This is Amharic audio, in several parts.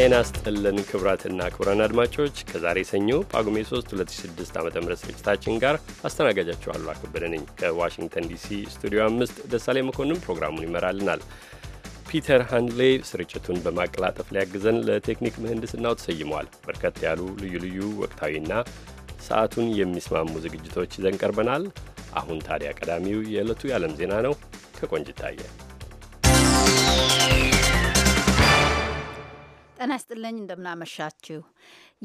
ጤና ስጥልን ክቡራትና ክቡራን አድማጮች ከዛሬ ሰኞ ጳጉሜ 3 2006 ዓ ም ስርጭታችን ጋር አስተናጋጃችሁ አሉ ነኝ። ከዋሽንግተን ዲሲ ስቱዲዮ አምስት ደሳሌ መኮንን ፕሮግራሙን ይመራልናል። ፒተር ሃንድሌ ስርጭቱን በማቀላጠፍ ሊያግዘን ለቴክኒክ ምህንድስናው ተሰይመዋል። በርከት ያሉ ልዩ ልዩ ወቅታዊና ሰዓቱን የሚስማሙ ዝግጅቶች ይዘን ቀርበናል። አሁን ታዲያ ቀዳሚው የዕለቱ የዓለም ዜና ነው። ከቆንጅታየ ጤና ይስጥልኝ እንደምናመሻችሁ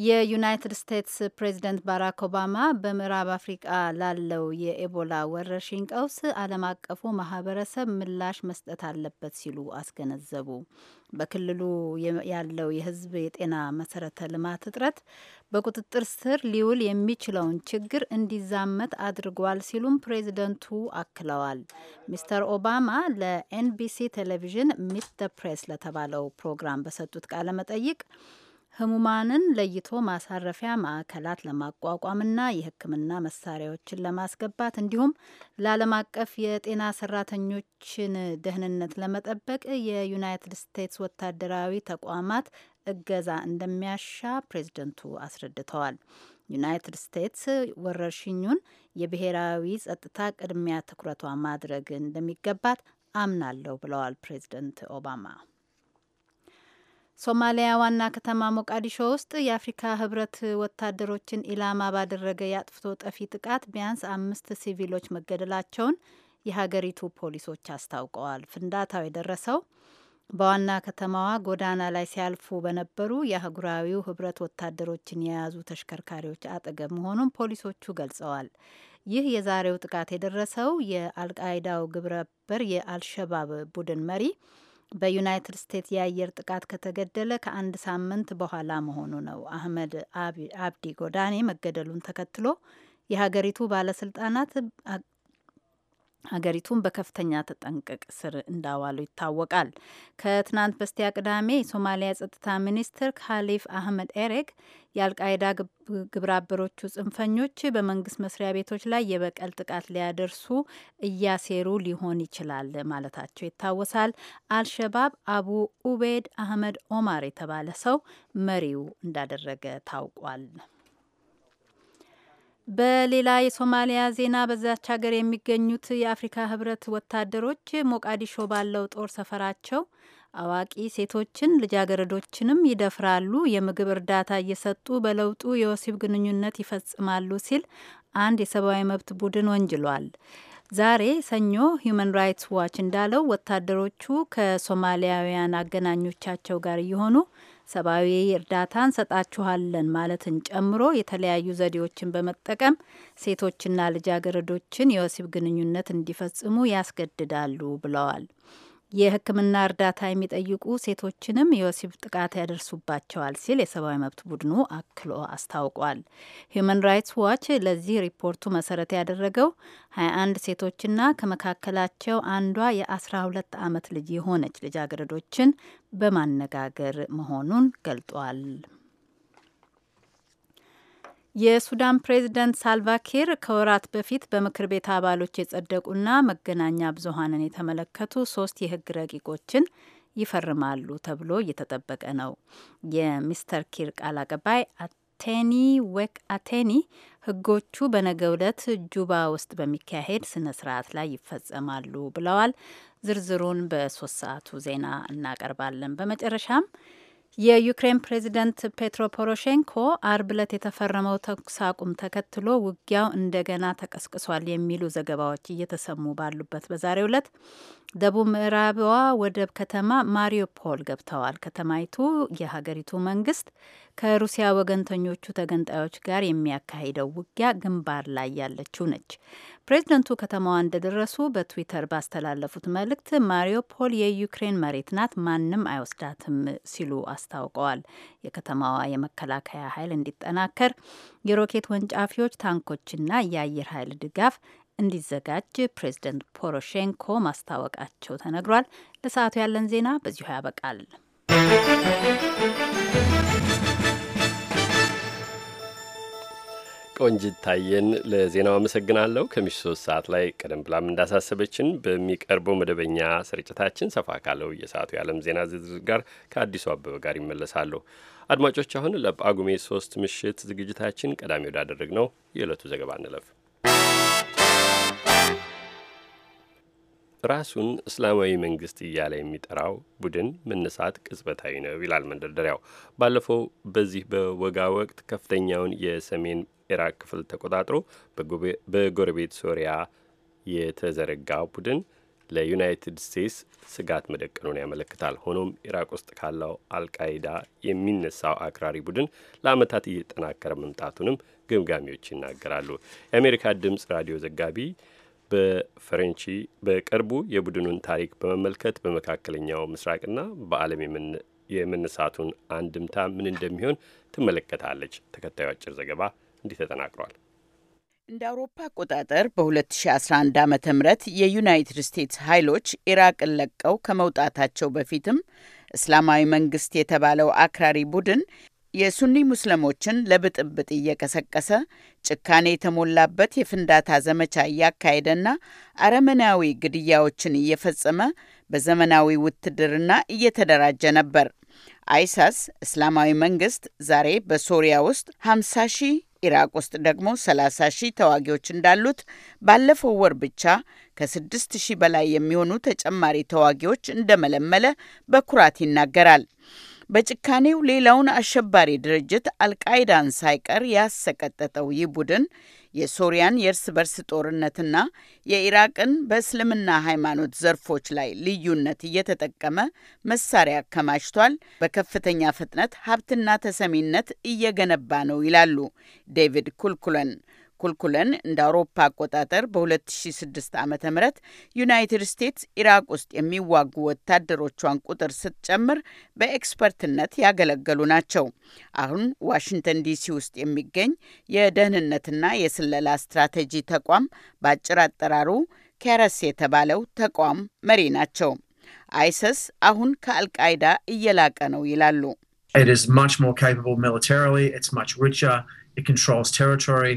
የዩናይትድ ስቴትስ ፕሬዚደንት ባራክ ኦባማ በምዕራብ አፍሪቃ ላለው የኤቦላ ወረርሽኝ ቀውስ ዓለም አቀፉ ማህበረሰብ ምላሽ መስጠት አለበት ሲሉ አስገነዘቡ። በክልሉ ያለው የህዝብ የጤና መሰረተ ልማት እጥረት በቁጥጥር ስር ሊውል የሚችለውን ችግር እንዲዛመት አድርጓል ሲሉም ፕሬዚደንቱ አክለዋል። ሚስተር ኦባማ ለኤንቢሲ ቴሌቪዥን ሚት ፕሬስ ለተባለው ፕሮግራም በሰጡት ቃለ መጠይቅ ህሙማንን ለይቶ ማሳረፊያ ማዕከላት ለማቋቋምና የሕክምና መሳሪያዎችን ለማስገባት እንዲሁም ለዓለም አቀፍ የጤና ሰራተኞችን ደህንነት ለመጠበቅ የዩናይትድ ስቴትስ ወታደራዊ ተቋማት እገዛ እንደሚያሻ ፕሬዝደንቱ አስረድተዋል። ዩናይትድ ስቴትስ ወረርሽኙን የብሔራዊ ጸጥታ ቅድሚያ ትኩረቷ ማድረግ እንደሚገባት አምናለሁ ብለዋል ፕሬዝደንት ኦባማ። ሶማሊያ ዋና ከተማ ሞቃዲሾ ውስጥ የአፍሪካ ህብረት ወታደሮችን ኢላማ ባደረገ የአጥፍቶ ጠፊ ጥቃት ቢያንስ አምስት ሲቪሎች መገደላቸውን የሀገሪቱ ፖሊሶች አስታውቀዋል። ፍንዳታው የደረሰው በዋና ከተማዋ ጎዳና ላይ ሲያልፉ በነበሩ የአህጉራዊው ህብረት ወታደሮችን የያዙ ተሽከርካሪዎች አጠገብ መሆኑን ፖሊሶቹ ገልጸዋል። ይህ የዛሬው ጥቃት የደረሰው የአልቃይዳው ግብረበር የአልሸባብ ቡድን መሪ በዩናይትድ ስቴትስ የአየር ጥቃት ከተገደለ ከአንድ ሳምንት በኋላ መሆኑ ነው። አህመድ አብዲ ጎዳኔ መገደሉን ተከትሎ የሀገሪቱ ባለስልጣናት ሀገሪቱን በከፍተኛ ተጠንቀቅ ስር እንዳዋሉ ይታወቃል። ከትናንት በስቲያ ቅዳሜ የሶማሊያ ጸጥታ ሚኒስትር ካሊፍ አህመድ ኤሬግ የአልቃይዳ ግብረአበሮቹ ጽንፈኞች በመንግስት መስሪያ ቤቶች ላይ የበቀል ጥቃት ሊያደርሱ እያሴሩ ሊሆን ይችላል ማለታቸው ይታወሳል። አልሸባብ አቡ ኡቤድ አህመድ ኦማር የተባለ ሰው መሪው እንዳደረገ ታውቋል። በሌላ የሶማሊያ ዜና በዛች ሀገር የሚገኙት የአፍሪካ ህብረት ወታደሮች ሞቃዲሾ ባለው ጦር ሰፈራቸው አዋቂ ሴቶችን ልጃገረዶችንም ይደፍራሉ፣ የምግብ እርዳታ እየሰጡ በለውጡ የወሲብ ግንኙነት ይፈጽማሉ ሲል አንድ የሰብአዊ መብት ቡድን ወንጅሏል። ዛሬ ሰኞ ሁማን ራይትስ ዋች እንዳለው ወታደሮቹ ከሶማሊያውያን አገናኞቻቸው ጋር እየሆኑ ሰብአዊ እርዳታ እንሰጣችኋለን ማለትን ጨምሮ የተለያዩ ዘዴዎችን በመጠቀም ሴቶችና ልጃገረዶችን የወሲብ ግንኙነት እንዲፈጽሙ ያስገድዳሉ ብለዋል። የሕክምና እርዳታ የሚጠይቁ ሴቶችንም የወሲብ ጥቃት ያደርሱባቸዋል ሲል የሰብአዊ መብት ቡድኑ አክሎ አስታውቋል። ሂዩማን ራይትስ ዋች ለዚህ ሪፖርቱ መሰረት ያደረገው 21 ሴቶችና ከመካከላቸው አንዷ የ12 ዓመት ልጅ የሆነች ልጃገረዶችን በማነጋገር መሆኑን ገልጧል። የሱዳን ፕሬዝደንት ሳልቫኪር ከወራት በፊት በምክር ቤት አባሎች የጸደቁና መገናኛ ብዙሀንን የተመለከቱ ሶስት የህግ ረቂቆችን ይፈርማሉ ተብሎ እየተጠበቀ ነው። የሚስተር ኪር ቃል አቀባይ አቴኒ ወክ አቴኒ ህጎቹ በነገ ዕለት ጁባ ውስጥ በሚካሄድ ስነ ስርዓት ላይ ይፈጸማሉ ብለዋል። ዝርዝሩን በሶስት ሰዓቱ ዜና እናቀርባለን። በመጨረሻም የዩክሬን ፕሬዚደንት ፔትሮ ፖሮሼንኮ አርብ ዕለት የተፈረመው ተኩስ አቁም ተከትሎ ውጊያው እንደገና ተቀስቅሷል የሚሉ ዘገባዎች እየተሰሙ ባሉበት በዛሬው ዕለት ደቡብ ምዕራብዋ ወደብ ከተማ ማሪዮፖል ገብተዋል። ከተማይቱ የሀገሪቱ መንግስት ከሩሲያ ወገንተኞቹ ተገንጣዮች ጋር የሚያካሂደው ውጊያ ግንባር ላይ ያለችው ነች። ፕሬዝደንቱ ከተማዋ እንደደረሱ በትዊተር ባስተላለፉት መልእክት ማሪዮፖል የዩክሬን መሬት ናት፣ ማንም አይወስዳትም ሲሉ አስታውቀዋል። የከተማዋ የመከላከያ ኃይል እንዲጠናከር የሮኬት ወንጫፊዎች፣ ታንኮችና የአየር ኃይል ድጋፍ እንዲዘጋጅ ፕሬዚደንት ፖሮሼንኮ ማስታወቃቸው ተነግሯል። ለሰዓቱ ያለን ዜና በዚሁ ያበቃል። ቆንጅት ታየን ለዜናው አመሰግናለሁ። ከምሽቱ ሶስት ሰዓት ላይ ቀደም ብላም እንዳሳሰበችን በሚቀርበው መደበኛ ስርጭታችን ሰፋ ካለው የሰዓቱ የዓለም ዜና ዝርዝር ጋር ከአዲሱ አበበ ጋር ይመለሳሉ። አድማጮች፣ አሁን ለጳጉሜ ሶስት ምሽት ዝግጅታችን ቀዳሚ ወዳደረግ ነው የዕለቱ ዘገባ እንለፍ። ራሱን እስላማዊ መንግስት እያለ የሚጠራው ቡድን መነሳት ቅጽበታዊ ነው ይላል መንደርደሪያው። ባለፈው በዚህ በወጋ ወቅት ከፍተኛውን የሰሜን ኢራቅ ክፍል ተቆጣጥሮ በጎረቤት ሶሪያ የተዘረጋ ቡድን ለዩናይትድ ስቴትስ ስጋት መደቀኑን ያመለክታል። ሆኖም ኢራቅ ውስጥ ካለው አልቃይዳ የሚነሳው አክራሪ ቡድን ለዓመታት እየጠናከረ መምጣቱንም ግምጋሚዎች ይናገራሉ። የአሜሪካ ድምፅ ራዲዮ ዘጋቢ በፈረንቺ በቅርቡ የቡድኑን ታሪክ በመመልከት በመካከለኛው ምስራቅና በዓለም የመነሳቱን አንድምታ ምን እንደሚሆን ትመለከታለች። ተከታዩ አጭር ዘገባ እንዲህ ተጠናቅሯል። እንደ አውሮፓ አቆጣጠር በ2011 ዓ ም የዩናይትድ ስቴትስ ኃይሎች ኢራቅን ለቀው ከመውጣታቸው በፊትም እስላማዊ መንግስት የተባለው አክራሪ ቡድን የሱኒ ሙስሊሞችን ለብጥብጥ እየቀሰቀሰ ጭካኔ የተሞላበት የፍንዳታ ዘመቻ እያካሄደና አረመናዊ ግድያዎችን እየፈጸመ በዘመናዊ ውትድርና እየተደራጀ ነበር። አይሳስ እስላማዊ መንግስት ዛሬ በሶሪያ ውስጥ 50 ሺህ ኢራቅ ውስጥ ደግሞ 30 ሺህ ተዋጊዎች እንዳሉት ባለፈው ወር ብቻ ከ6 ሺህ በላይ የሚሆኑ ተጨማሪ ተዋጊዎች እንደመለመለ በኩራት ይናገራል። በጭካኔው ሌላውን አሸባሪ ድርጅት አልቃይዳን ሳይቀር ያሰቀጠጠው ይህ ቡድን የሶሪያን የእርስ በርስ ጦርነትና የኢራቅን በእስልምና ሃይማኖት ዘርፎች ላይ ልዩነት እየተጠቀመ መሳሪያ አከማችቷል፣ በከፍተኛ ፍጥነት ሀብትና ተሰሚነት እየገነባ ነው ይላሉ ዴቪድ ኩልኩለን። ኩልኩለን እንደ አውሮፓ አቆጣጠር በ2006 ዓ ም ዩናይትድ ስቴትስ ኢራቅ ውስጥ የሚዋጉ ወታደሮቿን ቁጥር ስትጨምር በኤክስፐርትነት ያገለገሉ ናቸው። አሁን ዋሽንግተን ዲሲ ውስጥ የሚገኝ የደህንነትና የስለላ ስትራቴጂ ተቋም በአጭር አጠራሩ ኬረስ የተባለው ተቋም መሪ ናቸው። አይሰስ አሁን ከአልቃይዳ እየላቀ ነው ይላሉ። It is much more capable militarily, it's much richer, it controls territory.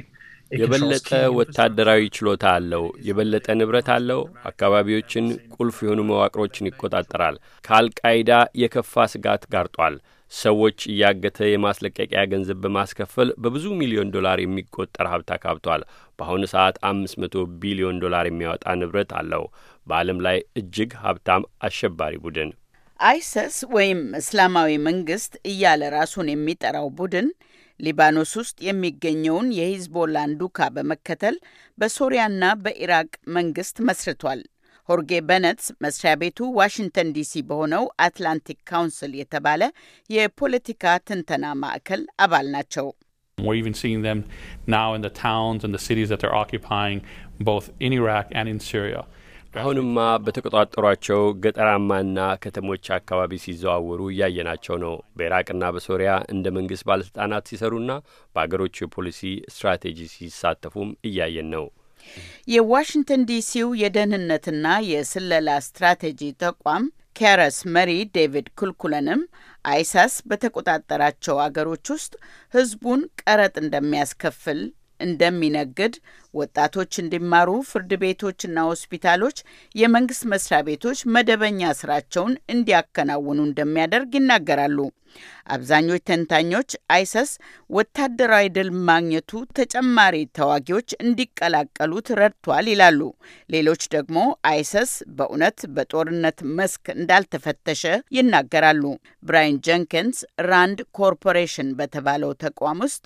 የበለጠ ወታደራዊ ችሎታ አለው። የበለጠ ንብረት አለው። አካባቢዎችን፣ ቁልፍ የሆኑ መዋቅሮችን ይቆጣጠራል። ከአልቃይዳ የከፋ ስጋት ጋርጧል። ሰዎች እያገተ የማስለቀቂያ ገንዘብ በማስከፈል በብዙ ሚሊዮን ዶላር የሚቆጠር ሀብት አካብቷል። በአሁኑ ሰዓት አምስት መቶ ቢሊዮን ዶላር የሚያወጣ ንብረት አለው። በዓለም ላይ እጅግ ሀብታም አሸባሪ ቡድን አይሰስ ወይም እስላማዊ መንግስት እያለ ራሱን የሚጠራው ቡድን ሊባኖስ ውስጥ የሚገኘውን የሂዝቦላን ዱካ በመከተል በሶሪያና በኢራቅ መንግስት መስርቷል። ሆርጌ በነት መስሪያ ቤቱ ዋሽንግተን ዲሲ በሆነው አትላንቲክ ካውንስል የተባለ የፖለቲካ ትንተና ማዕከል አባል ናቸው። We're አሁንማ በተቆጣጠሯቸው ገጠራማና ከተሞች አካባቢ ሲዘዋወሩ እያየናቸው ነው። በኢራቅና በሶሪያ እንደ መንግስት ባለስልጣናት ሲሰሩና በአገሮቹ የፖሊሲ ስትራቴጂ ሲሳተፉም እያየን ነው። የዋሽንግተን ዲሲው የደህንነትና የስለላ ስትራቴጂ ተቋም ኬረስ መሪ ዴቪድ ኩልኩለንም አይሳስ በተቆጣጠራቸው አገሮች ውስጥ ህዝቡን ቀረጥ እንደሚያስከፍል እንደሚነግድ ወጣቶች እንዲማሩ ፍርድ ቤቶችና ሆስፒታሎች፣ የመንግስት መስሪያ ቤቶች መደበኛ ስራቸውን እንዲያከናውኑ እንደሚያደርግ ይናገራሉ። አብዛኞች ተንታኞች አይሰስ ወታደራዊ ድል ማግኘቱ ተጨማሪ ተዋጊዎች እንዲቀላቀሉት ረድቷል ይላሉ። ሌሎች ደግሞ አይሰስ በእውነት በጦርነት መስክ እንዳልተፈተሸ ይናገራሉ። ብራይን ጀንኪንስ ራንድ ኮርፖሬሽን በተባለው ተቋም ውስጥ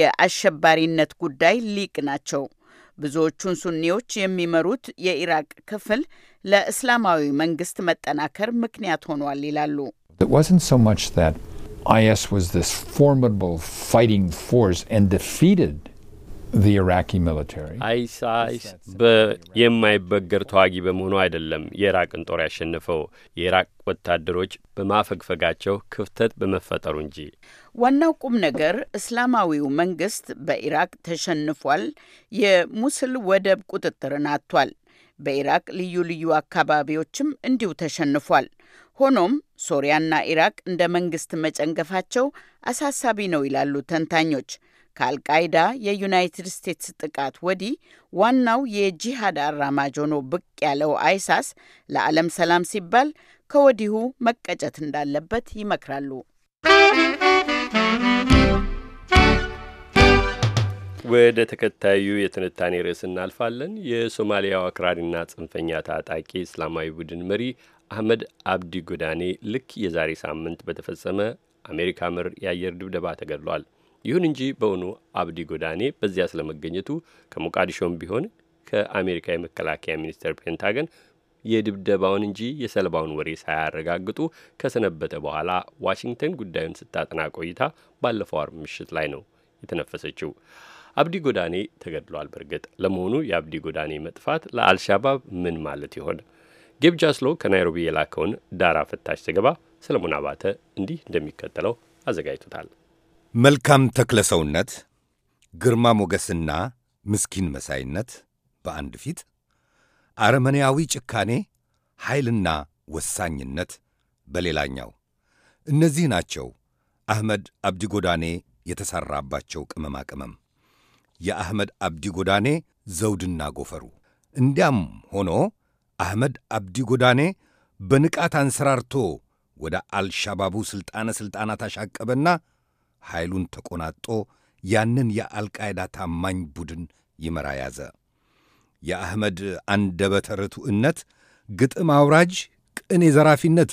የአሸባሪነት ጉዳይ ሊቅ ናቸው። ብዙዎቹን ሱኒዎች የሚመሩት የኢራቅ ክፍል ለእስላማዊ መንግስት መጠናከር ምክንያት ሆኗል ይላሉ። አይኤስ ዋዝ ዚስ ፎርሚደብል ፋይቲንግ ፎርስ ኤንድ ዲፊትድ አይሳይስ የማይበገር ተዋጊ በመሆኑ አይደለም የኢራቅን ጦር ያሸነፈው የኢራቅ ወታደሮች በማፈግፈጋቸው ክፍተት በመፈጠሩ እንጂ። ዋናው ቁም ነገር እስላማዊው መንግስት በኢራቅ ተሸንፏል፣ የሙስል ወደብ ቁጥጥርን አጥቷል፣ በኢራቅ ልዩ ልዩ አካባቢዎችም እንዲሁ ተሸንፏል። ሆኖም ሶሪያና ኢራቅ እንደ መንግስት መጨንገፋቸው አሳሳቢ ነው ይላሉ ተንታኞች። ከአልቃይዳ የዩናይትድ ስቴትስ ጥቃት ወዲህ ዋናው የጂሃድ አራማጅ ሆኖ ብቅ ያለው አይሳስ ለዓለም ሰላም ሲባል ከወዲሁ መቀጨት እንዳለበት ይመክራሉ። ወደ ተከታዩ የትንታኔ ርዕስ እናልፋለን። የሶማሊያው አክራሪና ጽንፈኛ ታጣቂ እስላማዊ ቡድን መሪ አህመድ አብዲ ጎዳኔ ልክ የዛሬ ሳምንት በተፈጸመ አሜሪካ ምር የአየር ድብደባ ተገድሏል። ይሁን እንጂ በእውኑ አብዲ ጎዳኔ በዚያ ስለመገኘቱ ከሞቃዲሾም ቢሆን ከአሜሪካ የመከላከያ ሚኒስቴር ፔንታገን የድብደባውን እንጂ የሰለባውን ወሬ ሳያረጋግጡ ከሰነበተ በኋላ ዋሽንግተን ጉዳዩን ስታጠና ቆይታ ባለፈው አርብ ምሽት ላይ ነው የተነፈሰችው። አብዲ ጎዳኔ ተገድሏል። በእርግጥ ለመሆኑ የአብዲ ጎዳኔ መጥፋት ለአልሻባብ ምን ማለት ይሆን? ጌብ ጃስሎ ከናይሮቢ የላከውን ዳራ ፈታሽ ዘገባ ሰለሞን አባተ እንዲህ እንደሚከተለው አዘጋጅቶታል። መልካም ተክለ ሰውነት፣ ግርማ ሞገስና ምስኪን መሳይነት በአንድ ፊት፣ አረመኔያዊ ጭካኔ፣ ኃይልና ወሳኝነት በሌላኛው እነዚህ ናቸው አህመድ አብዲ ጎዳኔ የተሰራባቸው ቅመማ ቅመም የአህመድ አብዲ ጎዳኔ ዘውድና ጎፈሩ። እንዲያም ሆኖ አህመድ አብዲ ጎዳኔ በንቃት አንሰራርቶ ወደ አልሻባቡ ሥልጣነ ሥልጣናት አሻቀበና ኃይሉን ተቆናጦ ያንን የአልቃይዳ ታማኝ ቡድን ይመራ ያዘ። የአህመድ አንደበተ ርቱዕነት፣ ግጥም አውራጅ፣ ቅኔ ዘራፊነት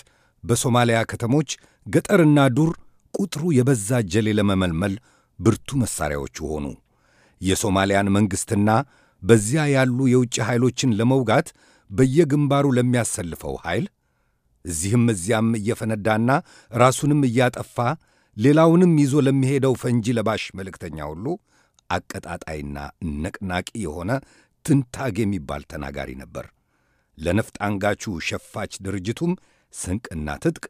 በሶማሊያ ከተሞች ገጠርና ዱር ቁጥሩ የበዛ ጀሌ ለመመልመል ብርቱ መሣሪያዎቹ ሆኑ። የሶማሊያን መንግሥትና በዚያ ያሉ የውጭ ኃይሎችን ለመውጋት በየግንባሩ ለሚያሰልፈው ኃይል እዚህም እዚያም እየፈነዳና ራሱንም እያጠፋ ሌላውንም ይዞ ለሚሄደው ፈንጂ ለባሽ መልእክተኛ ሁሉ አቀጣጣይና ነቅናቂ የሆነ ትንታግ የሚባል ተናጋሪ ነበር። ለነፍጥ አንጋቹ ሸፋች ድርጅቱም ስንቅና ትጥቅ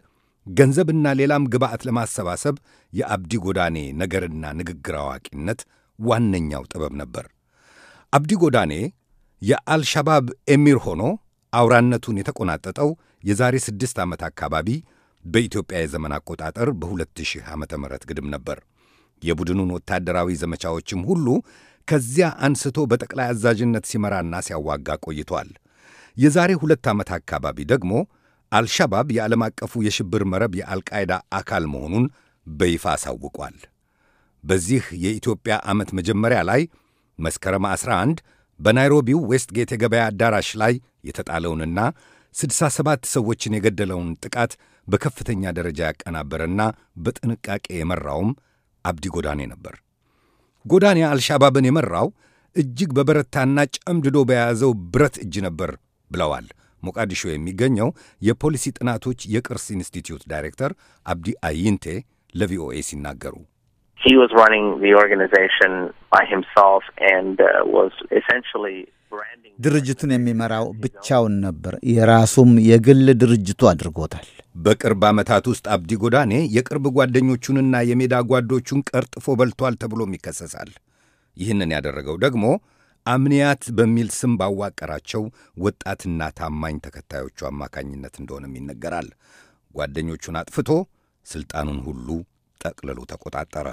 ገንዘብና ሌላም ግብዓት ለማሰባሰብ የአብዲ ጎዳኔ ነገርና ንግግር አዋቂነት ዋነኛው ጥበብ ነበር። አብዲ ጎዳኔ የአልሻባብ ኤሚር ሆኖ አውራነቱን የተቆናጠጠው የዛሬ ስድስት ዓመት አካባቢ በኢትዮጵያ የዘመን አቆጣጠር በ2000 ዓ ም ግድም ነበር። የቡድኑን ወታደራዊ ዘመቻዎችም ሁሉ ከዚያ አንስቶ በጠቅላይ አዛዥነት ሲመራና ሲያዋጋ ቆይቷል። የዛሬ ሁለት ዓመት አካባቢ ደግሞ አልሻባብ የዓለም አቀፉ የሽብር መረብ የአልቃይዳ አካል መሆኑን በይፋ አሳውቋል። በዚህ የኢትዮጵያ ዓመት መጀመሪያ ላይ መስከረም 11 በናይሮቢው ዌስትጌት የገበያ አዳራሽ ላይ የተጣለውንና 67 ሰዎችን የገደለውን ጥቃት በከፍተኛ ደረጃ ያቀናበረና በጥንቃቄ የመራውም አብዲ ጎዳኔ ነበር። ጎዳኔ አልሻባብን የመራው እጅግ በበረታና ጨምድዶ በያዘው ብረት እጅ ነበር ብለዋል ሞቃዲሾ የሚገኘው የፖሊሲ ጥናቶች የቅርስ ኢንስቲትዩት ዳይሬክተር አብዲ አይንቴ ለቪኦኤ ሲናገሩ ድርጅቱን የሚመራው ብቻውን ነበር። የራሱም የግል ድርጅቱ አድርጎታል። በቅርብ ዓመታት ውስጥ አብዲ ጎዳኔ የቅርብ ጓደኞቹንና የሜዳ ጓዶቹን ቀርጥፎ በልቷል ተብሎም ይከሰሳል። ይህንን ያደረገው ደግሞ አምንያት በሚል ስም ባዋቀራቸው ወጣትና ታማኝ ተከታዮቹ አማካኝነት እንደሆነም ይነገራል። ጓደኞቹን አጥፍቶ ሥልጣኑን ሁሉ ጠቅልሎ ተቆጣጠረ።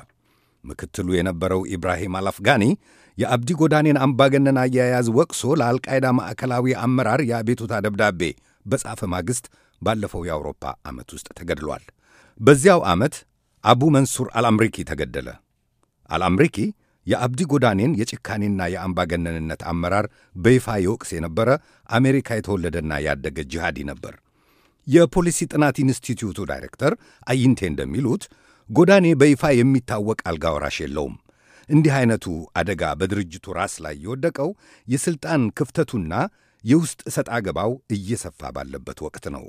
ምክትሉ የነበረው ኢብራሂም አላፍጋኒ የአብዲ ጎዳኔን አምባገነን አያያዝ ወቅሶ ለአልቃይዳ ማዕከላዊ አመራር የአቤቱታ ደብዳቤ በጻፈ ማግስት ባለፈው የአውሮፓ ዓመት ውስጥ ተገድሏል። በዚያው ዓመት አቡ መንሱር አልአምሪኪ ተገደለ። አልአምሪኪ የአብዲ ጎዳኔን የጭካኔና የአምባገነንነት አመራር በይፋ የወቅስ የነበረ አሜሪካ የተወለደና ያደገ ጂሃዲ ነበር። የፖሊሲ ጥናት ኢንስቲትዩቱ ዳይሬክተር አይንቴ እንደሚሉት ጎዳኔ በይፋ የሚታወቅ አልጋ ወራሽ የለውም። እንዲህ አይነቱ አደጋ በድርጅቱ ራስ ላይ የወደቀው የሥልጣን ክፍተቱና የውስጥ እሰጥ አገባው እየሰፋ ባለበት ወቅት ነው።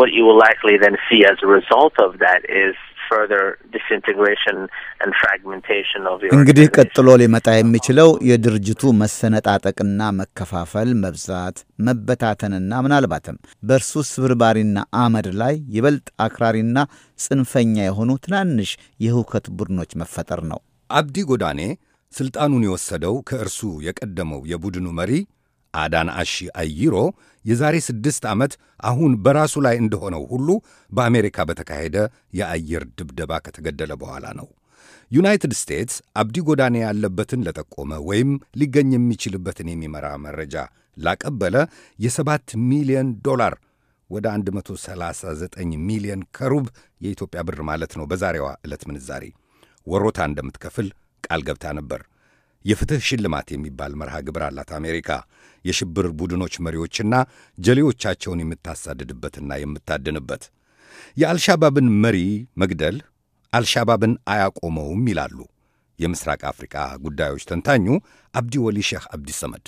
What you will likely then see as a result of that is እንግዲህ ቀጥሎ ሊመጣ የሚችለው የድርጅቱ መሰነጣጠቅና መከፋፈል መብዛት፣ መበታተንና ምናልባትም በእርሱ ስብርባሪና አመድ ላይ ይበልጥ አክራሪና ጽንፈኛ የሆኑ ትናንሽ የህውከት ቡድኖች መፈጠር ነው። አብዲ ጎዳኔ ስልጣኑን የወሰደው ከእርሱ የቀደመው የቡድኑ መሪ አዳን አሺ አይሮ የዛሬ ስድስት ዓመት አሁን በራሱ ላይ እንደሆነው ሁሉ በአሜሪካ በተካሄደ የአየር ድብደባ ከተገደለ በኋላ ነው። ዩናይትድ ስቴትስ አብዲ ጎዳኔ ያለበትን ለጠቆመ ወይም ሊገኝ የሚችልበትን የሚመራ መረጃ ላቀበለ የ7 ሚሊዮን ዶላር ወደ 139 ሚሊዮን ከሩብ የኢትዮጵያ ብር ማለት ነው በዛሬዋ ዕለት ምንዛሬ ወሮታ እንደምትከፍል ቃል ገብታ ነበር። የፍትህ ሽልማት የሚባል መርሃ ግብር አላት አሜሪካ። የሽብር ቡድኖች መሪዎችና ጀሌዎቻቸውን የምታሳድድበትና የምታድንበት። የአልሻባብን መሪ መግደል አልሻባብን አያቆመውም ይላሉ የምስራቅ አፍሪቃ ጉዳዮች ተንታኙ አብዲ ወሊ ሼህ አብዲ ሰመድ።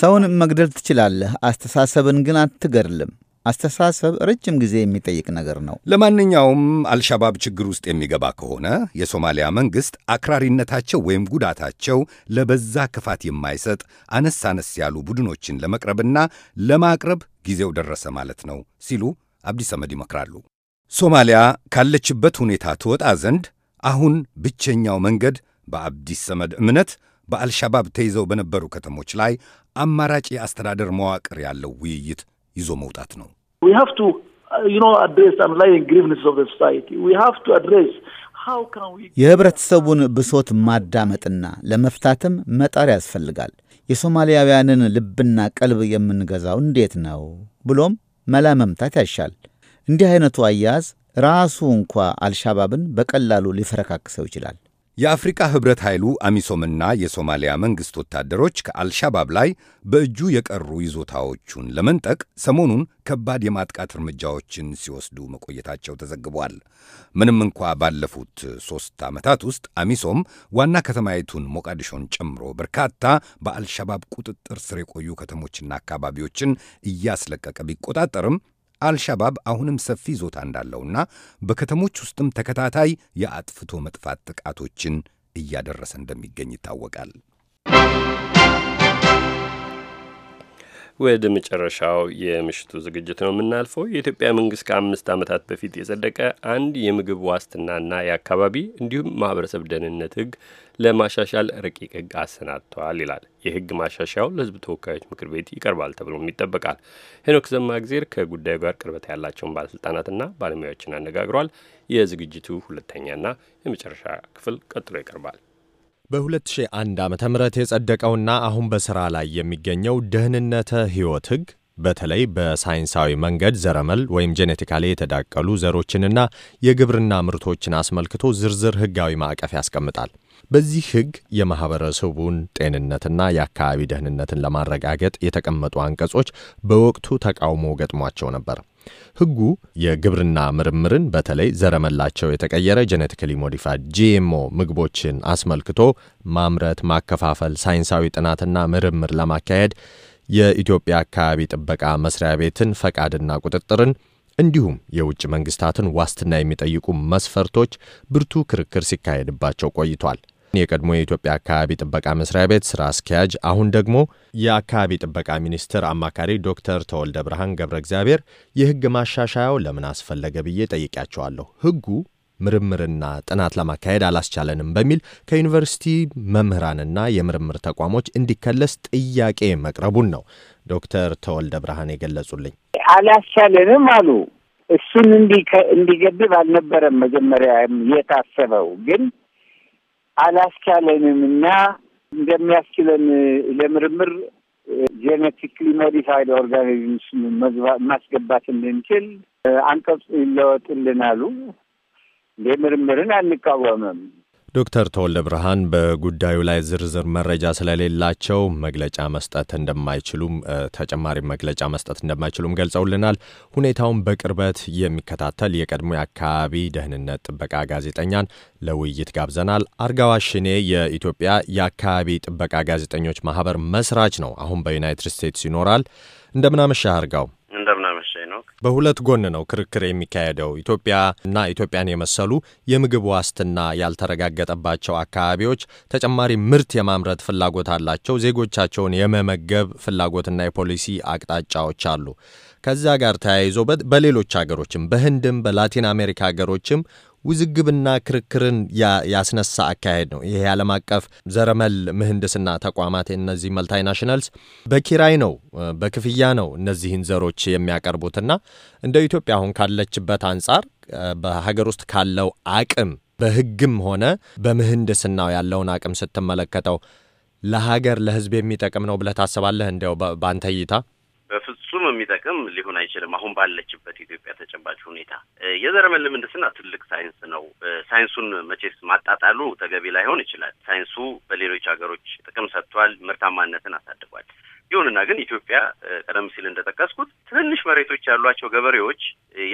ሰውን መግደል ትችላለህ፣ አስተሳሰብን ግን አትገድልም። አስተሳሰብ ረጅም ጊዜ የሚጠይቅ ነገር ነው። ለማንኛውም አልሻባብ ችግር ውስጥ የሚገባ ከሆነ የሶማሊያ መንግሥት አክራሪነታቸው ወይም ጉዳታቸው ለበዛ ክፋት የማይሰጥ አነስ አነስ ያሉ ቡድኖችን ለመቅረብና ለማቅረብ ጊዜው ደረሰ ማለት ነው ሲሉ አብዲስ ሰመድ ይመክራሉ። ሶማሊያ ካለችበት ሁኔታ ትወጣ ዘንድ አሁን ብቸኛው መንገድ በአብዲስ ሰመድ እምነት በአልሻባብ ተይዘው በነበሩ ከተሞች ላይ አማራጭ የአስተዳደር መዋቅር ያለው ውይይት ይዞ መውጣት ነው። uh, የህብረተሰቡን ብሶት ማዳመጥና ለመፍታትም መጣር ያስፈልጋል። የሶማሊያውያንን ልብና ቀልብ የምንገዛው እንዴት ነው ብሎም መላ መምታት ያሻል። እንዲህ አይነቱ አያያዝ ራሱ እንኳ አልሻባብን በቀላሉ ሊፈረካክሰው ይችላል። የአፍሪካ ህብረት ኃይሉ አሚሶምና የሶማሊያ መንግሥት ወታደሮች ከአልሻባብ ላይ በእጁ የቀሩ ይዞታዎቹን ለመንጠቅ ሰሞኑን ከባድ የማጥቃት እርምጃዎችን ሲወስዱ መቆየታቸው ተዘግቧል። ምንም እንኳ ባለፉት ሦስት ዓመታት ውስጥ አሚሶም ዋና ከተማይቱን ሞቃዲሾን ጨምሮ በርካታ በአልሻባብ ቁጥጥር ስር የቆዩ ከተሞችና አካባቢዎችን እያስለቀቀ ቢቆጣጠርም አልሻባብ አሁንም ሰፊ ይዞታ እንዳለውና በከተሞች ውስጥም ተከታታይ የአጥፍቶ መጥፋት ጥቃቶችን እያደረሰ እንደሚገኝ ይታወቃል። ወደ መጨረሻው የምሽቱ ዝግጅት ነው የምናልፈው። የኢትዮጵያ መንግስት ከአምስት ዓመታት በፊት የጸደቀ አንድ የምግብ ዋስትናና የአካባቢ እንዲሁም ማህበረሰብ ደህንነት ህግ ለማሻሻል ረቂቅ ህግ አሰናድተዋል ይላል። የህግ ማሻሻያው ለህዝብ ተወካዮች ምክር ቤት ይቀርባል ተብሎም ይጠበቃል። ሄኖክ ጊዜር ከጉዳዩ ጋር ቅርበት ያላቸውን ባለስልጣናትና ባለሙያዎችን አነጋግሯል። የዝግጅቱ ሁለተኛና የመጨረሻ ክፍል ቀጥሎ ይቀርባል። በ2001 ዓ ም የጸደቀውና አሁን በሥራ ላይ የሚገኘው ደህንነተ ሕይወት ሕግ በተለይ በሳይንሳዊ መንገድ ዘረመል ወይም ጄኔቲካሊ የተዳቀሉ ዘሮችንና የግብርና ምርቶችን አስመልክቶ ዝርዝር ሕጋዊ ማዕቀፍ ያስቀምጣል። በዚህ ሕግ የማኅበረሰቡን ጤንነትና የአካባቢ ደህንነትን ለማረጋገጥ የተቀመጡ አንቀጾች በወቅቱ ተቃውሞ ገጥሟቸው ነበር። ህጉ የግብርና ምርምርን በተለይ ዘረመላቸው የተቀየረ ጄኔቲካሊ ሞዲፋይድ ጂኤምኦ ምግቦችን አስመልክቶ ማምረት፣ ማከፋፈል፣ ሳይንሳዊ ጥናትና ምርምር ለማካሄድ የኢትዮጵያ አካባቢ ጥበቃ መስሪያ ቤትን ፈቃድና ቁጥጥርን እንዲሁም የውጭ መንግስታትን ዋስትና የሚጠይቁ መስፈርቶች ብርቱ ክርክር ሲካሄድባቸው ቆይቷል። የቀድሞ የኢትዮጵያ አካባቢ ጥበቃ መስሪያ ቤት ስራ አስኪያጅ፣ አሁን ደግሞ የአካባቢ ጥበቃ ሚኒስትር አማካሪ ዶክተር ተወልደ ብርሃን ገብረ እግዚአብሔር የህግ ማሻሻያው ለምን አስፈለገ ብዬ ጠይቄያቸዋለሁ። ህጉ ምርምርና ጥናት ለማካሄድ አላስቻለንም በሚል ከዩኒቨርሲቲ መምህራንና የምርምር ተቋሞች እንዲከለስ ጥያቄ መቅረቡን ነው ዶክተር ተወልደ ብርሃን የገለጹልኝ። አላስቻለንም አሉ። እሱን እንዲገድብ አልነበረም መጀመሪያ የታሰበው ግን አላስቻለንም እና እንደሚያስችለን ለምርምር ጄኔቲክሊ ሞዲፋይድ ኦርጋኒዝምስ ማስገባት እንድንችል አንቀጽ ይለወጥልን አሉ። እንደ ምርምርን አንቃወምም ዶክተር ተወልደ ብርሃን በጉዳዩ ላይ ዝርዝር መረጃ ስለሌላቸው መግለጫ መስጠት እንደማይችሉም ተጨማሪ መግለጫ መስጠት እንደማይችሉም ገልጸውልናል። ሁኔታውን በቅርበት የሚከታተል የቀድሞ የአካባቢ ደህንነት ጥበቃ ጋዜጠኛን ለውይይት ጋብዘናል። አርጋዋ ሽኔ የኢትዮጵያ የአካባቢ ጥበቃ ጋዜጠኞች ማህበር መስራች ነው። አሁን በዩናይትድ ስቴትስ ይኖራል። እንደምናመሻ አርጋው ነው። በሁለት ጎን ነው ክርክር የሚካሄደው። ኢትዮጵያ እና ኢትዮጵያን የመሰሉ የምግብ ዋስትና ያልተረጋገጠባቸው አካባቢዎች ተጨማሪ ምርት የማምረት ፍላጎት አላቸው። ዜጎቻቸውን የመመገብ ፍላጎትና የፖሊሲ አቅጣጫዎች አሉ። ከዛ ጋር ተያይዞ በሌሎች ሀገሮችም በህንድም በላቲን አሜሪካ ሀገሮችም ውዝግብና ክርክርን ያስነሳ አካሄድ ነው። ይሄ ዓለም አቀፍ ዘረመል ምህንድስና ተቋማት እነዚህ መልታይናሽናልስ በኪራይ ነው፣ በክፍያ ነው እነዚህን ዘሮች የሚያቀርቡትና እንደ ኢትዮጵያ አሁን ካለችበት አንጻር በሀገር ውስጥ ካለው አቅም በህግም ሆነ በምህንድስናው ያለውን አቅም ስትመለከተው ለሀገር ለህዝብ የሚጠቅም ነው ብለህ ታስባለህ? እንዲያው በአንተ እይታ ለሁሉም የሚጠቅም ሊሆን አይችልም። አሁን ባለችበት ኢትዮጵያ ተጨባጭ ሁኔታ የዘረመል ምህንድስና ትልቅ ሳይንስ ነው። ሳይንሱን መቼስ ማጣጣሉ ተገቢ ላይሆን ይችላል። ሳይንሱ በሌሎች ሀገሮች ጥቅም ሰጥቷል፣ ምርታማነትን አሳድጓል። ይሁንና ግን ኢትዮጵያ ቀደም ሲል እንደጠቀስኩት ትንንሽ መሬቶች ያሏቸው ገበሬዎች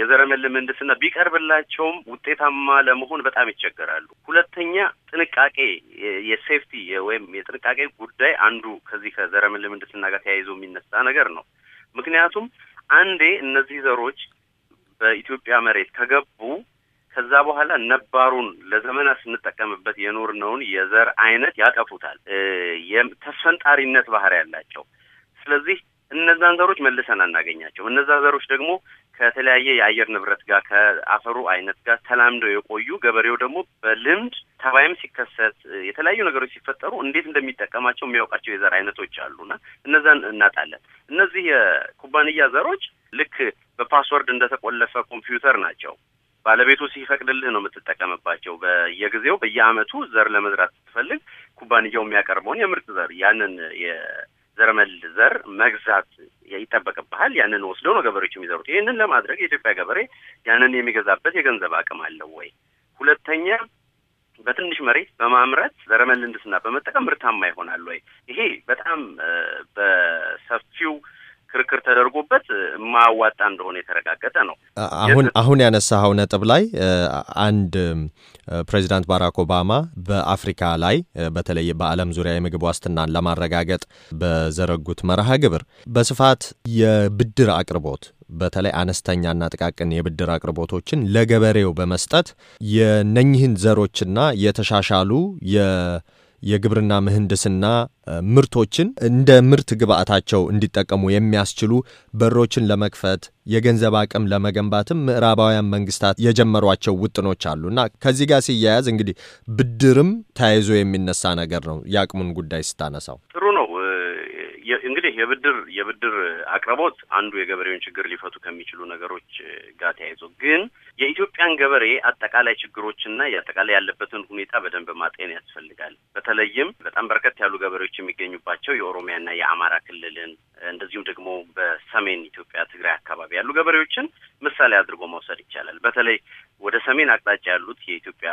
የዘረመል ምህንድስና ቢቀርብላቸውም ውጤታማ ለመሆን በጣም ይቸገራሉ። ሁለተኛ ጥንቃቄ፣ የሴፍቲ ወይም የጥንቃቄ ጉዳይ አንዱ ከዚህ ከዘረመል ምህንድስና ጋር ተያይዞ የሚነሳ ነገር ነው። ምክንያቱም አንዴ እነዚህ ዘሮች በኢትዮጵያ መሬት ከገቡ ከዛ በኋላ ነባሩን ለዘመናት ስንጠቀምበት የኖርነውን የዘር አይነት ያጠፉታል። ተስፈንጣሪነት ባህሪ ያላቸው ስለዚህ እነዛን ዘሮች መልሰን አናገኛቸው። እነዛ ዘሮች ደግሞ ከተለያየ የአየር ንብረት ጋር ከአፈሩ አይነት ጋር ተላምደው የቆዩ ገበሬው ደግሞ በልምድ ተባይም ሲከሰት የተለያዩ ነገሮች ሲፈጠሩ እንዴት እንደሚጠቀማቸው የሚያውቃቸው የዘር አይነቶች አሉና እነዛን እናጣለን። እነዚህ የኩባንያ ዘሮች ልክ በፓስወርድ እንደተቆለፈ ኮምፒውተር ናቸው። ባለቤቱ ሲፈቅድልህ ነው የምትጠቀምባቸው። በየጊዜው በየአመቱ ዘር ለመዝራት ስትፈልግ ኩባንያው የሚያቀርበውን የምርጥ ዘር ያንን ዘረመል ዘር መግዛት ይጠበቅብሃል። ያንን ወስደው ነው ገበሬዎች የሚዘሩት። ይህንን ለማድረግ የኢትዮጵያ ገበሬ ያንን የሚገዛበት የገንዘብ አቅም አለው ወይ? ሁለተኛ በትንሽ መሬት በማምረት ዘረመል በመጠቀም ምርታማ ይሆናል ወይ? ይሄ በጣም በሰፊው ክርክር ተደርጎበት ማዋጣ እንደሆነ የተረጋገጠ ነው። አሁን አሁን ያነሳኸው ነጥብ ላይ አንድ ፕሬዚዳንት ባራክ ኦባማ በአፍሪካ ላይ በተለይ በዓለም ዙሪያ የምግብ ዋስትናን ለማረጋገጥ በዘረጉት መርሃ ግብር በስፋት የብድር አቅርቦት በተለይ አነስተኛና ጥቃቅን የብድር አቅርቦቶችን ለገበሬው በመስጠት የነኝህን ዘሮችና የተሻሻሉ የግብርና ምህንድስና ምርቶችን እንደ ምርት ግብአታቸው እንዲጠቀሙ የሚያስችሉ በሮችን ለመክፈት የገንዘብ አቅም ለመገንባትም ምዕራባውያን መንግስታት የጀመሯቸው ውጥኖች አሉ እና ከዚህ ጋር ሲያያዝ እንግዲህ ብድርም ተያይዞ የሚነሳ ነገር ነው። የአቅሙን ጉዳይ ስታነሳው ጥሩ እንግዲህ የብድር የብድር አቅርቦት አንዱ የገበሬውን ችግር ሊፈቱ ከሚችሉ ነገሮች ጋር ተያይዞ ግን የኢትዮጵያን ገበሬ አጠቃላይ ችግሮችና የአጠቃላይ ያለበትን ሁኔታ በደንብ ማጤን ያስፈልጋል። በተለይም በጣም በርከት ያሉ ገበሬዎች የሚገኙባቸው የኦሮሚያና የአማራ ክልልን እንደዚሁም ደግሞ በሰሜን ኢትዮጵያ ትግራይ አካባቢ ያሉ ገበሬዎችን ምሳሌ አድርጎ መውሰድ ይቻላል። በተለይ ወደ ሰሜን አቅጣጫ ያሉት የኢትዮጵያ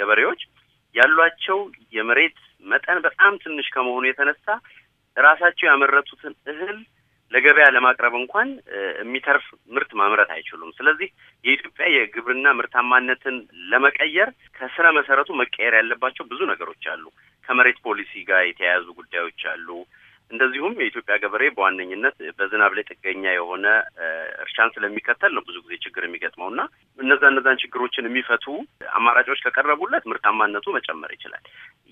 ገበሬዎች ያሏቸው የመሬት መጠን በጣም ትንሽ ከመሆኑ የተነሳ ራሳቸው ያመረቱትን እህል ለገበያ ለማቅረብ እንኳን የሚተርፍ ምርት ማምረት አይችሉም። ስለዚህ የኢትዮጵያ የግብርና ምርታማነትን ለመቀየር ከስረ መሰረቱ መቀየር ያለባቸው ብዙ ነገሮች አሉ። ከመሬት ፖሊሲ ጋር የተያያዙ ጉዳዮች አሉ። እንደዚሁም የኢትዮጵያ ገበሬ በዋነኝነት በዝናብ ላይ ጥገኛ የሆነ እርሻን ስለሚከተል ነው ብዙ ጊዜ ችግር የሚገጥመው እና እነዛ እነዛን ችግሮችን የሚፈቱ አማራጮች ከቀረቡለት ምርታማነቱ መጨመር ይችላል።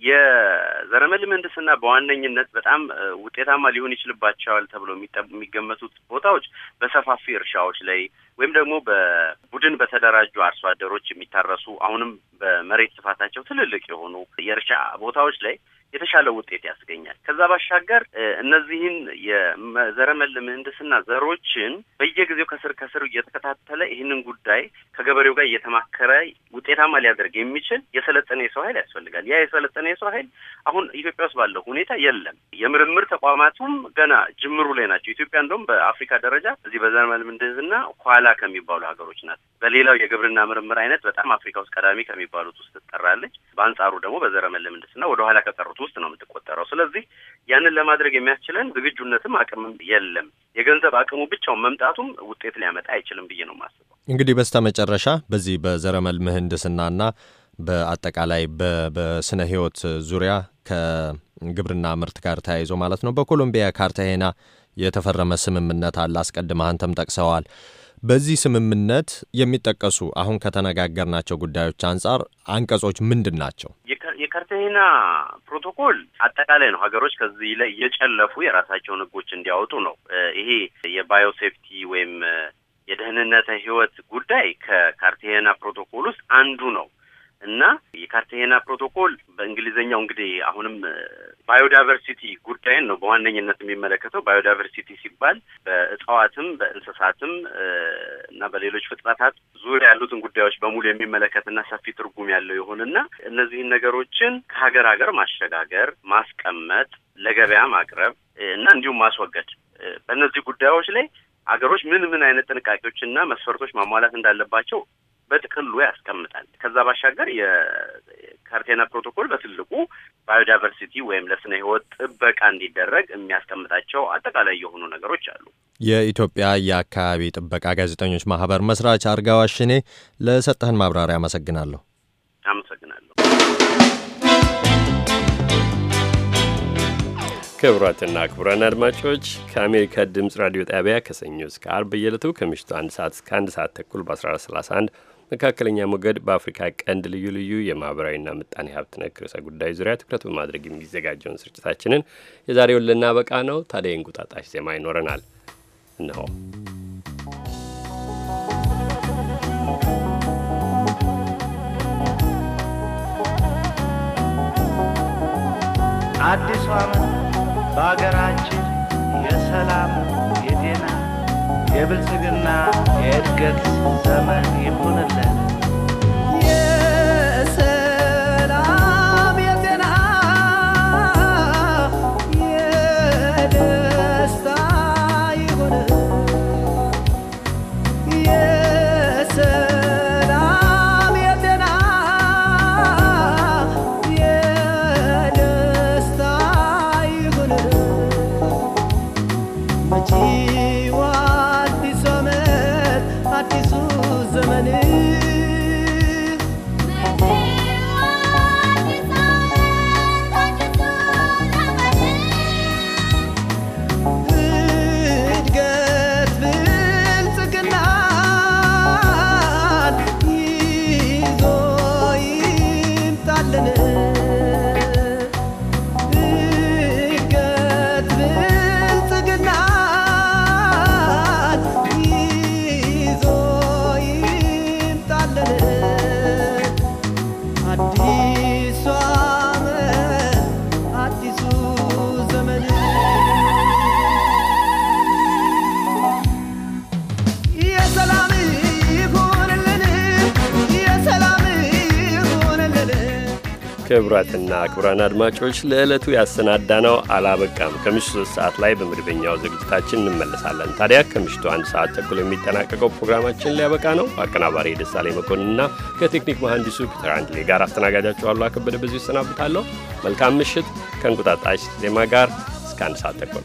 የዘረመል ምህንድስና በዋነኝነት በጣም ውጤታማ ሊሆን ይችልባቸዋል ተብሎ የሚገመቱት ቦታዎች በሰፋፊ እርሻዎች ላይ ወይም ደግሞ በቡድን በተደራጁ አርሶ አደሮች የሚታረሱ አሁንም በመሬት ስፋታቸው ትልልቅ የሆኑ የእርሻ ቦታዎች ላይ የተሻለ ውጤት ያስገኛል። ከዛ ባሻገር እነዚህን የዘረመል ምህንድስና ዘሮችን በየጊዜው ከስር ከስር እየተከታተለ ይህንን ጉዳይ ከገበሬው ጋር እየተማከረ ውጤታማ ሊያደርግ የሚችል የሰለጠነ የሰው ኃይል ያስፈልጋል። ያ የሰለጠነ የሰው ኃይል አሁን ኢትዮጵያ ውስጥ ባለው ሁኔታ የለም። የምርምር ተቋማቱም ገና ጅምሩ ላይ ናቸው። ኢትዮጵያ እንደውም በአፍሪካ ደረጃ እዚህ በዘረመል ምህንድስና ኋላ ከሚባሉ ሀገሮች ናት። በሌላው የግብርና ምርምር አይነት በጣም አፍሪካ ውስጥ ቀዳሚ ከሚባሉት ውስጥ ትጠራለች። በአንጻሩ ደግሞ በዘረመል ምህንድስና ወደኋላ ከቀሩት ውስጥ ነው የምትቆጠረው። ስለዚህ ያንን ለማድረግ የሚያስችለን ዝግጁነትም አቅምም የለም። የገንዘብ አቅሙ ብቻውን መምጣቱም ውጤት ሊያመጣ አይችልም ብዬ ነው የማስበው። እንግዲህ በስተ መጨረሻ በዚህ በዘረመል ምህንድስናና በአጠቃላይ በስነ ህይወት ዙሪያ ከግብርና ምርት ጋር ተያይዞ ማለት ነው በኮሎምቢያ ካርታሄና የተፈረመ ስምምነት አለ። አስቀድመህ አንተም ጠቅሰዋል። በዚህ ስምምነት የሚጠቀሱ አሁን ከተነጋገርናቸው ጉዳዮች አንጻር አንቀጾች ምንድን ናቸው? የካርቴና ፕሮቶኮል አጠቃላይ ነው። ሀገሮች ከዚህ ላይ እየጨለፉ የራሳቸውን ህጎች እንዲያወጡ ነው። ይሄ የባዮሴፍቲ ወይም የደህንነተ ህይወት ጉዳይ ከካርቴና ፕሮቶኮል ውስጥ አንዱ ነው እና የካርቴና ፕሮቶኮል በእንግሊዝኛው እንግዲህ አሁንም ባዮዳይቨርሲቲ ጉዳይን ነው በዋነኝነት የሚመለከተው። ባዮዳይቨርሲቲ ሲባል በእጽዋትም በእንስሳትም እና በሌሎች ፍጥረታት ዙሪያ ያሉትን ጉዳዮች በሙሉ የሚመለከትና ሰፊ ትርጉም ያለው የሆነና እነዚህን ነገሮችን ከሀገር ሀገር ማሸጋገር፣ ማስቀመጥ፣ ለገበያ ማቅረብ እና እንዲሁም ማስወገድ በእነዚህ ጉዳዮች ላይ ሀገሮች ምን ምን አይነት ጥንቃቄዎችና መስፈርቶች ማሟላት እንዳለባቸው በጥቅሉ ያስቀምጣል። ከዛ ባሻገር ካርቴና ፕሮቶኮል በትልቁ ባዮዳይቨርሲቲ ወይም ለስነ ህይወት ጥበቃ እንዲደረግ የሚያስቀምጣቸው አጠቃላይ የሆኑ ነገሮች አሉ። የኢትዮጵያ የአካባቢ ጥበቃ ጋዜጠኞች ማህበር መስራች አርጋው አሽኔ ለሰጠህን ማብራሪያ አመሰግናለሁ። አመሰግናለሁ። ክቡራትና ክቡራን አድማጮች ከአሜሪካ ድምፅ ራዲዮ ጣቢያ ከሰኞ እስከ አርብ በየዕለቱ ከምሽቱ አንድ ሰዓት እስከ አንድ ሰዓት ተኩል በ1431 መካከለኛ ሞገድ በአፍሪካ ቀንድ ልዩ ልዩ የማህበራዊና ምጣኔ ሀብት ነክ ርዕሰ ጉዳይ ዙሪያ ትኩረት በማድረግ የሚዘጋጀውን ስርጭታችንን የዛሬውን ልናበቃ ነው። ታዲያ እንቁጣጣሽ ዜማ ይኖረናል እነሆ አዲሱ ዓመት በአገራችን የሰላም የብልጽግና የእድገት ዘመን ይሁንልን። ክቡራትና ክቡራን አድማጮች ለዕለቱ ነው። አላበቃም። ከምሽቱ ሶስት ሰዓት ላይ በመደበኛው ዝግጅታችን እንመለሳለን። ታዲያ ከምሽቱ አንድ ሰዓት ተኩል የሚጠናቀቀው ፕሮግራማችን ሊያበቃ ነው። አቀናባሪ ደሳሌ መኮንንና ከቴክኒክ መሐንዲሱ ፒተር አንድሌ ጋር አስተናጋጃችኋሉ አከበደ ከበደ በዚሁ ይሰናብታለሁ። መልካም ምሽት ከእንቁጣጣሽ ዜማ ጋር እስከ አንድ ሰዓት ተኩል